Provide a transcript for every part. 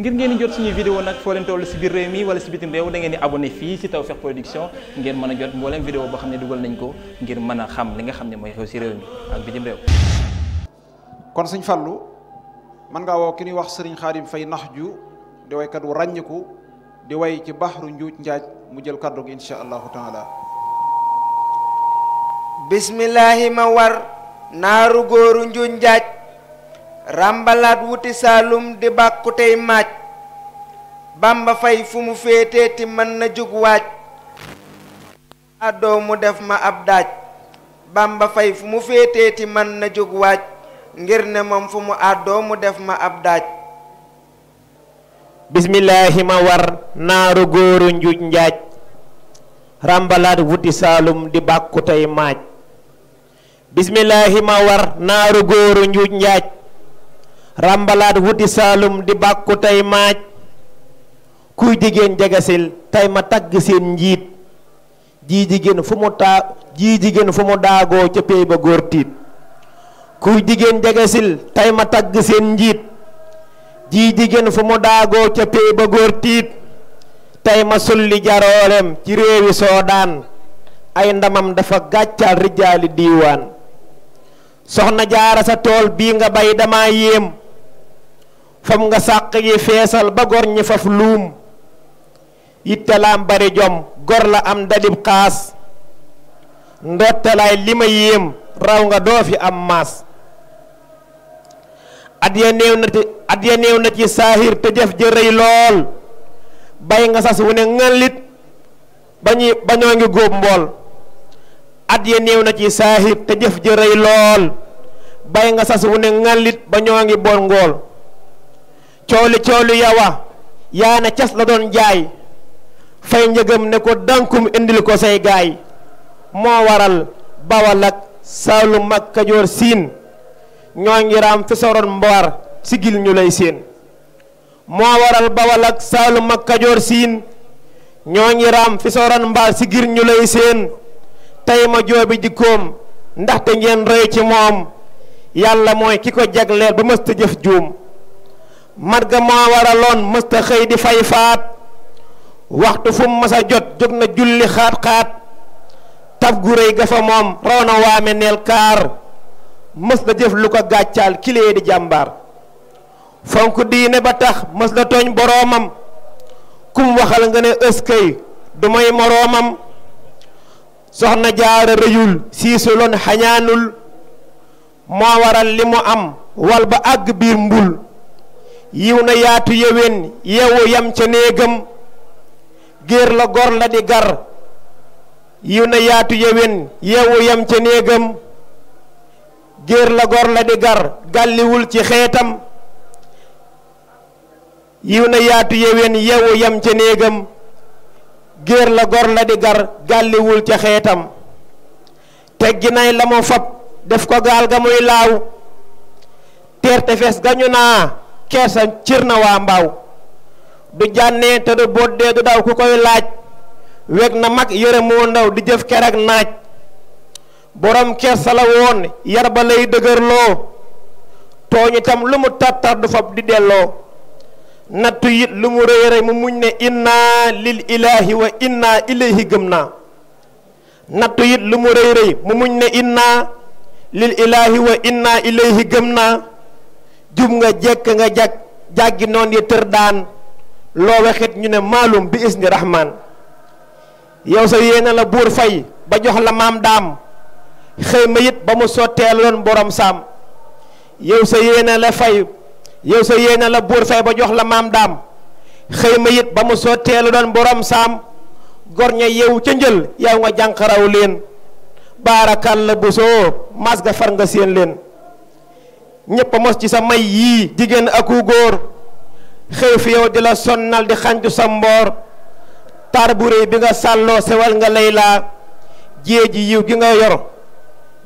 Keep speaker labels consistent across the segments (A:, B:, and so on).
A: ngir ngeen di jot suñuy vidéo nag foo leen toll si biir réew mi wala si bitim réew da di abonné fii si Tawfekh Production ngeen mën a jot mboolem vidéo boo xam ne dugal nañ ko ngir mën a xam li nga xam ne mooy xew si réew mi ak bitim réew. kon sëñ Fallou mën ngaa woo ki nuy wax sëriñ Xaadim Fay nax ju di waykat wu ràññiku di way ci baxru njuuj njaaj mu jël kàddu gi incha allahu taala. bismillahi ma war naaru góoru njuuj njaaj. ràmbalaat wuti saalum di bàkku tey maaj fu mu féeteeti mën na jug waaj ne moom fu def ma ab daaj bismillaahi ma war naaru góoru njuuj njaaj ràmbalaat wuti saalum di bismillaahi ma war naaru góoru njuuj njaaj ràmbalaat wuti saalum di bàkku tey maaj kuy jigéen jegesil tey ma tagg seen njiit jii jigéen fu mu taa daagoo ca péy ba kuy jigéen jegesil tey ma tagg seen njiit jii jigéen fu mu daagoo ca péy ba tey ma sulli jaroolem ci réewi soodaan ay ndamam dafa gàccaal rijaali diiwaan soxna jaara sa tool bii nga bay dama yéem fam nga sàq yi feesal ba gor ñi faf luum yitte laam bari jom gor la am dalib xaas ndottalaay li ma yéem raw nga doo fi am maas at ya néew na ci at te jëf ja rëy lool bay nga sas wu ne ŋalit ba ñu ba ñoo ngi góob mbool at ya néew na ci saahir te jëf ja rëy lool bay nga sas wu ne ŋalit ba ñoo ngi bon ngool coolu coolu yawa yaana cas la doon jaay fay njëgam ne ko dankum indil ko say gaay moo waral bawal ak saalum ak kajoor siin ñoo ngi raam fi soroon mboor sigil ñu lay seen kajoor siin ñoo ngi raam fi soroon mbaar sigil ñu lay seen tey ma joobi jikkoom ndaxte ngeen roy ci moom yàlla mooy ki ko jagleel ba mës ta jëf juum mat ga moo waraloon mësta xëy di fay faat waxtu fu mu jot jóg na julli xaat-xaat tab gu rëy ga fa moom raw neel kaar mës na jëf lu ko gàccaal kilee di jàmbaar fonk diine ba tax mës na tooñ boroomam kum waxal nga ne ëskay du may soxna jaara rëyul siisu loon xañaanul moo waral li mu am walba àgg biir mbul yiw na yaatu yéwén yeewu yam ca néegam géer la gor la di gar yiw na yaatu yéwén yeewu yam ca néegam géer la gor gàlliwul ca xeetam teggi nay la mu fab def ko gaal ga muy laaw teer tefes gañu naa kersa cir na waa mbaaw du jànnee te du boddee du daw ku koy laaj weg na mag yëre moo ndaw di jëf ker ak naaj borom kersa la woon yar ba lay dëgërloo tooñ itam lu mu tartar du fab di delloo nattu it lu mu rëy rëy mu muñ ne inna lil ilaahi wa inna ilayhi gëm naa nattu it lu mu rëy rëy mu muñ ne inna lil ilaahi wa inna ilayhi gëm naa jub nga jekk nga jag jàggi noon yi tër daan loo waxit ñu ne maalum bi isni rahman yow sa yéene la buur fay ba jox la maam daam xëy ma it ba mu sottee loon borom saam yow la fay yow sa yéene la buur fay ba jox la maam daam xëy ma ba mu sottee loon borom saam gor ña yow ca njël yow nga jànqaraw leen baarakaal la bu soo mas nga far nga séen leen ñépp a mos ci sa may yii jigéen aku góor xew fi yow di la sonnal di xanju sa mboor taar bu réy bi nga sàlloo sewal nga lay laa géeji yiw gi nga yor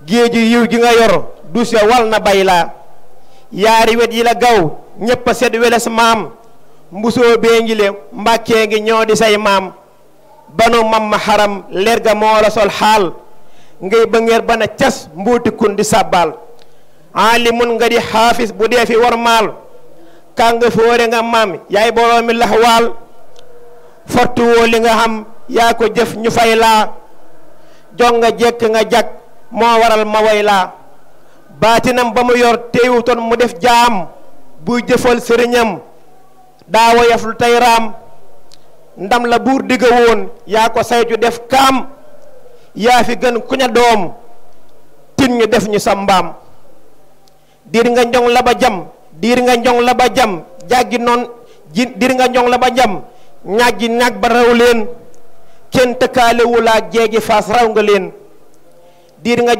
A: géeji yiw gi nga yor du se wal na bay laa yaari wet yi la gaw ñépp a set weles maam mbusoo bee ngi le mbàkkee ngi ñoo di say maam banu mam ma xaram leer ga moo la sol xaal ngay bëngeer bana cas mbuuti kun di sàbbaal li alimun nga di xaafis bu dee fi war maal kàng fóore nga maam yaay boroomi laxwaal fortuwoo li nga xam yaa ko jëf ñu fay laa jog nga jekk nga jag moo waral ma way laa baatinam ba mu yor téewutoon mu def jaam buy jëfal sëriñam daa woyof lu tey raam ndam la buur digga woon yaa ko saytu def kaam yaa fi gën ku ña doom tin ñu def ñu sa mbaam diir nga njong la ba jam diir nga njong la ba jam jàggi noon ji diir nga njong la ba jam ñaag gi ñaag raw leen kenn tëkkaalewulaak nga leen diir nga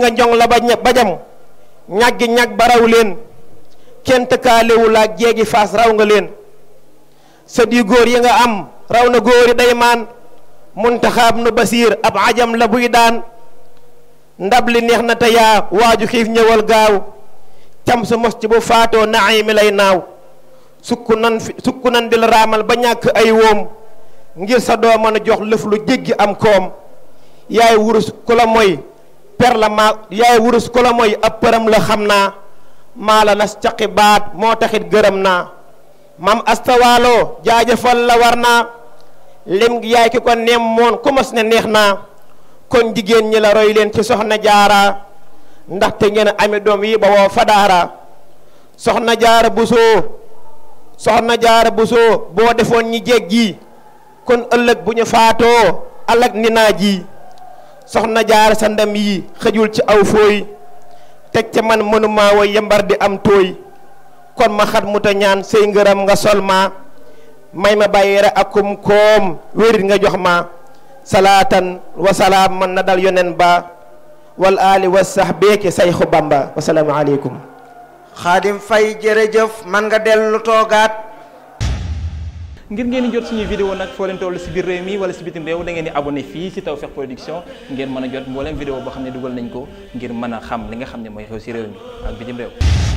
A: nga njong la ba ba jam ñaag gi ñaag ba raw leen kenn tëkkaalewulaak jeegi faas nga leen sa di góor yi nga am raw na góori day maan muntaxaab nu basiir ab ajam la buy daan ndab li neex na te yaa waaju xiif ñëwal gaaw cam sa mos ci bu faatoo naay mi lay naaw sukku nan fi sukku nan di raamal ba ñàkk ay woom ngir sa doo jox lëf lu jéggi am koom yaay wurus ku la mooy per la maa yaay wurus ku la mooy ab përam la xam naa maa la nas caqi baat moo taxit gërëm na mam astawaaloo jaajëfal la war naa lim yaay ki ko neem ku mas ne neex naa kon jigéen ñi la roy leen ci soxna jaaraa ndax te ngeen amee doom yi ba woo fadaara soxna jaara buso soxna jaara buso boo defoon ñi jéggi kon ëllëg bu ñu faatoo alak ni naa ji soxna jaara sa ndam yi xëjul ci aw fooy teg ca man mënuma way yambar di am tooy kon ma xat mu ta ñaan say ngërëm nga sol ma may ma bàyyi rek akum koom wérit nga jox ma salaatan wasalaam man na dal yonen ba wal aali sax sahbeeki say bamba wasalaamu aleykum xaadim fay jëf man nga dellu toogaat ngir ngeen di jot suñuy vidéo nag foo leen toll si biir réew mi wala si bitim réew da ngeen di abonné fii si Tawfekh Production ngeen mën a jot mbooleem vidéo boo xam ne dugal nañ ko ngir mën a xam li nga xam ne mooy xew si réew mi ak bitim réew